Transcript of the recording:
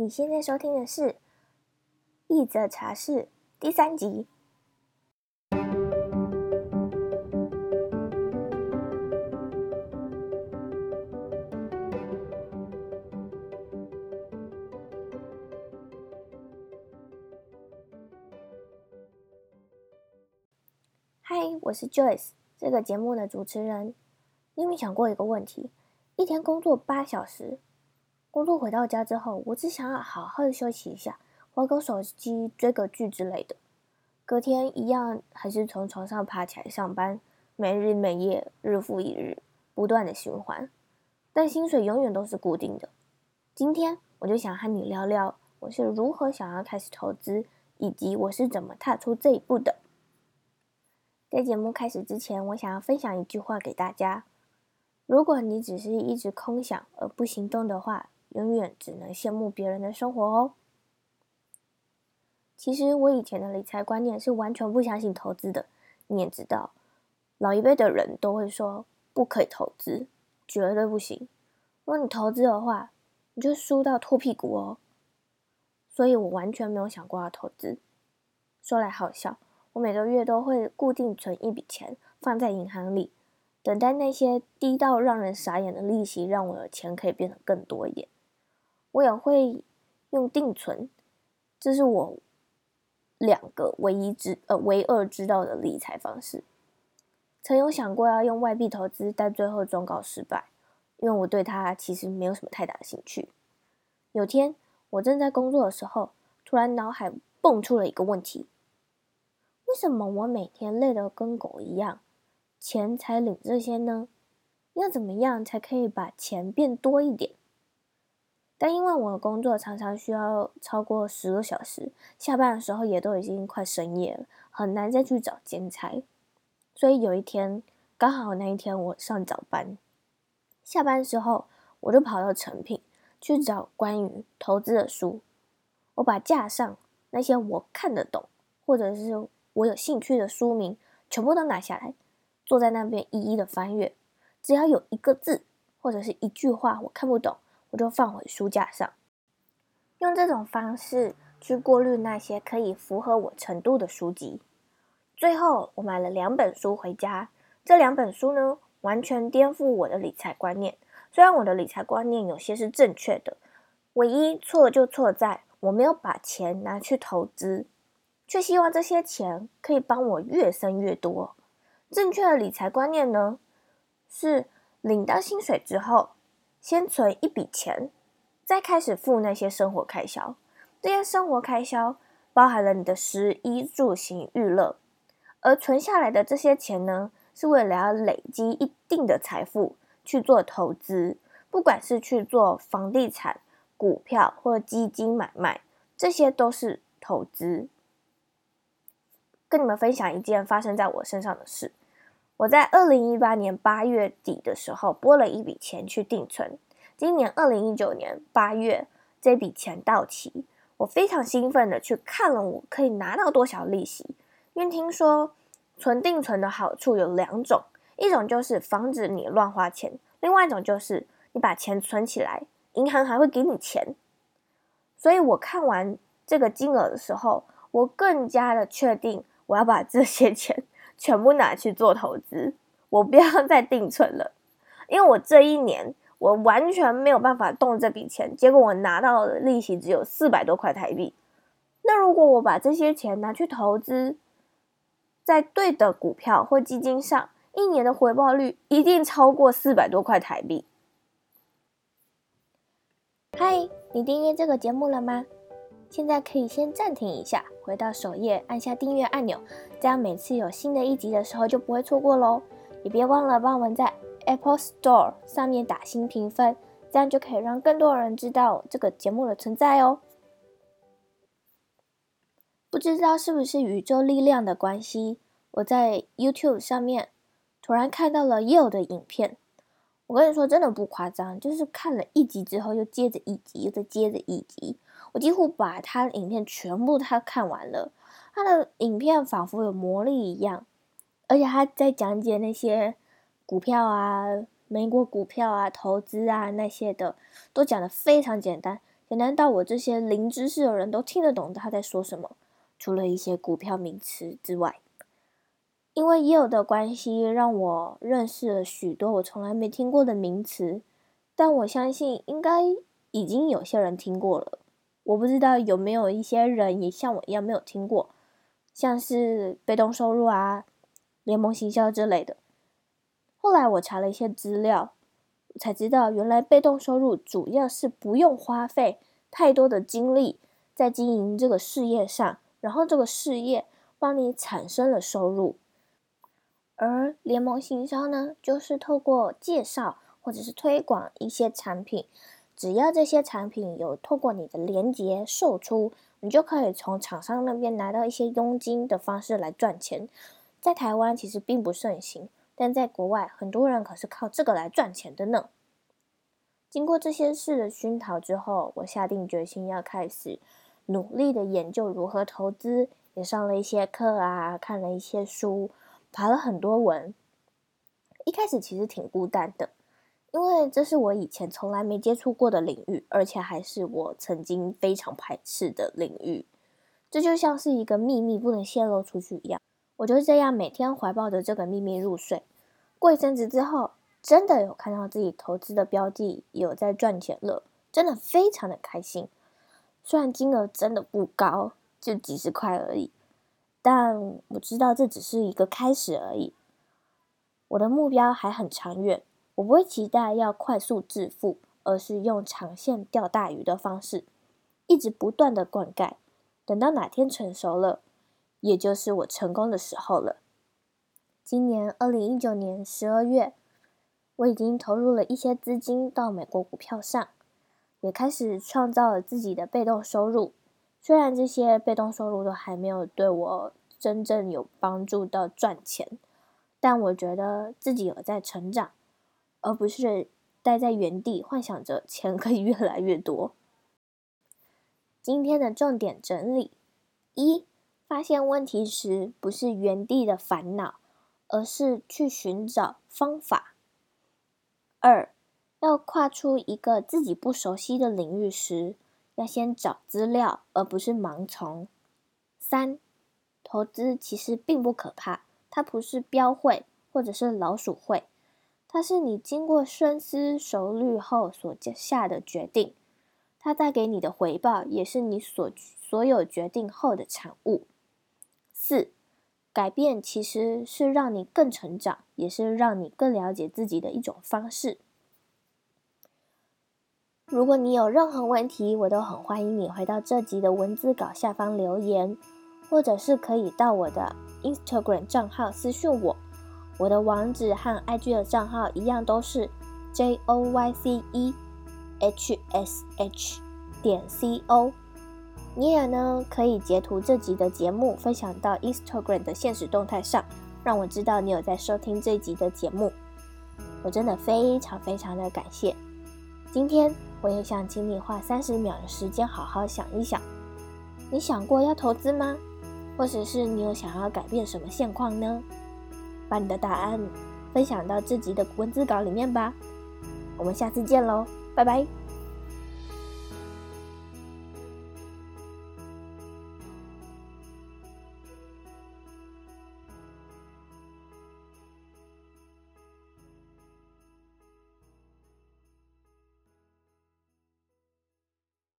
你現在收聽的是《一則茶室》第三集。嗨，Hi, 我是 Joyce，這個節目的主持人。你有沒有想過一個問題：一天工作八小時，工作回到家之後，我只想要好好的休息一下，滑個手機、追個劇之類的。隔天一樣，還是從床上爬起來上班，每日每夜，日復一日，不斷的循環。但薪水永遠都是固定的。今天，我就想和你聊聊，我是如何想要開始投資，以及我是怎麼踏出這一步的。在節目開始之前，我想要分享一句話給大家：如果你只是一直空想而不行動的話，永遠只能羨慕別人的生活哦。其實我以前的理財觀念是完全不相信投資的，你也知道，老一輩的人都會說不可以投資，絕對不行。如果你投資的話，你就輸到脫屁股哦。所以我完全沒有想過要投資。說來好笑，我每個月都會固定存一筆錢放在銀行裡，等待那些低到讓人傻眼的利息，讓我的錢可以變得更多一點。我也會用定存，這是我兩個唯一知呃唯二知道的理財方式。曾有想過要用外幣投資，但最後終告失敗，因為我對他其實沒有什麼太大的興趣。有天我正在工作的時候，突然腦海蹦出了一個問題：為什麼我每天累得跟狗一樣，錢才領這些呢？要怎麼樣才可以把錢變多一點？但因為我的工作常常需要超過十個小時，下班的時候也都已經快深夜了，很難再去找兼差，所以有一天，剛好那一天我上早班，下班的時候我就跑到誠品去找關於投資的書。我把架上那些我看得懂，或者是我有興趣的書名，全部都拿下來，坐在那邊一一的翻閱。只要有一個字或者是一句話我看不懂。我就放回書架上，用這種方式去過濾那些可以符合我程度的書籍。最後，我買了兩本書回家。這兩本書呢，完全顛覆我的理財觀念。雖然我的理財觀念有些是正確的，唯一錯就錯在我沒有把錢拿去投資，卻希望這些錢可以幫我越生越多。正確的理財觀念呢，是領到薪水之後。先存一筆錢，再開始付那些生活開銷。這些生活開銷包含了你的食衣住行娛樂，而存下來的這些錢呢，是為了要累積一定的財富去做投資。不管是去做房地產、股票或基金買賣，這些都是投資。跟你們分享一件發生在我身上的事。我在二零一八年八月底的時候，撥了一筆錢去定存。今年二零一九年八月，這筆錢到期，我非常興奮的去看了我可以拿到多少利息。因為聽說存定存的好處有兩種，一種就是防止你亂花錢，另外一種就是你把錢存起來，銀行還會給你錢。所以我看完這個金額的時候，我更加的確定我要把這些錢，全部拿去做投資，我不要再定存了，因為我這一年我完全沒有辦法動這筆錢，結果我拿到的利息只有四百多塊台幣。那如果我把這些錢拿去投資在對的股票或基金上，一年的回報率一定超過四百多塊台幣。嗨，你訂閱這個節目了嗎？現在可以先暫停一下，回到首頁，按下訂閱按鈕，這樣每次有新的一集的時候就不會錯過嘍。也別忘了幫我們在 Apple Store 上面打新評分，這樣就可以讓更多人知道這個節目的存在哦。不知道是不是宇宙力量的關係，我在 YouTube 上面突然看到了 You 的影片。我跟你說，真的不誇張，就是看了一集之後又接着一集，又再接着一集。我幾乎把他的影片全部他看完了，他的影片仿佛有魔力一樣，而且他在講解那些股票啊、美國股票啊、投資啊那些的，都講得非常簡單，簡單到我這些零知識的人都聽得懂他在說什麼。除了一些股票名詞之外，因為也有的關係，讓我認識了許多我從來沒聽過的名詞，但我相信應該已經有些人聽過了。我不知道有沒有一些人也像我一樣沒有聽過，像是被動收入啊、聯盟行銷之類的。後來我查了一些資料，才知道原來被動收入主要是不用花費太多的精力在經營這個事業上，然後這個事業幫你產生了收入。而聯盟行銷呢，就是透過介紹或者是推廣一些產品。只要這些產品有透過你的連結售出，你就可以從廠商那邊拿到一些佣金的方式來賺錢。在台灣其實並不盛行，但在國外很多人可是靠這個來賺錢的呢。經過這些事的熏陶之後，我下定決心要開始努力的研究如何投資，也上了一些課啊，看了一些書，爬了很多文。一開始其實挺孤單的。因為這是我以前從來沒接觸過的領域，而且還是我曾經非常排斥的領域，這就像是一個秘密不能泄露出去一樣。我就是這樣每天懷抱着這個秘密入睡。過一陣子之後，真的有看到自己投資的標的有在賺錢了，真的非常的開心。雖然金額真的不高，就幾十塊而已，但我知道這只是一個開始而已。我的目標還很長遠。我不會期待要快速致富，而是用長線釣大魚的方式，一直不斷的灌溉，等到哪天成熟了，也就是我成功的時候了。今年二零一九年十二月，我已經投入了一些資金到美國股票上，也開始創造了自己的被動收入。雖然這些被動收入都還沒有對我真正有幫助到賺錢，但我覺得自己有在成長。而不是待在原地，幻想着錢可以越來越多。今天的重點整理：一、發現問題時，不是原地的煩惱，而是去尋找方法；二、要跨出一個自己不熟悉的領域時，要先找資料，而不是盲從；三、投資其實並不可怕，它不是標會或者是老鼠會。它是你經過深思熟慮後所下的決定，它帶給你的回報也是你所所有決定後的產物。四，改變其實是讓你更成長，也是讓你更了解自己的一種方式。如果你有任何問題，我都很歡迎你回到這集的文字稿下方留言，或者是可以到我的 Instagram 賬號私訊我。我的網址和 IG 的賬號一樣，都是 joycehsh 點 co。你也呢，可以截圖這集的節目，分享到 Instagram 的限時動態上，讓我知道你有在收聽這集的節目。我真的非常非常的感謝。今天我也想請你花三十秒的時間，好好想一想，你想過要投資嗎？或者是你有想要改變什麼現況呢？把你的答案分享到自己的文字稿裡面吧，我們下次見嘍，拜拜。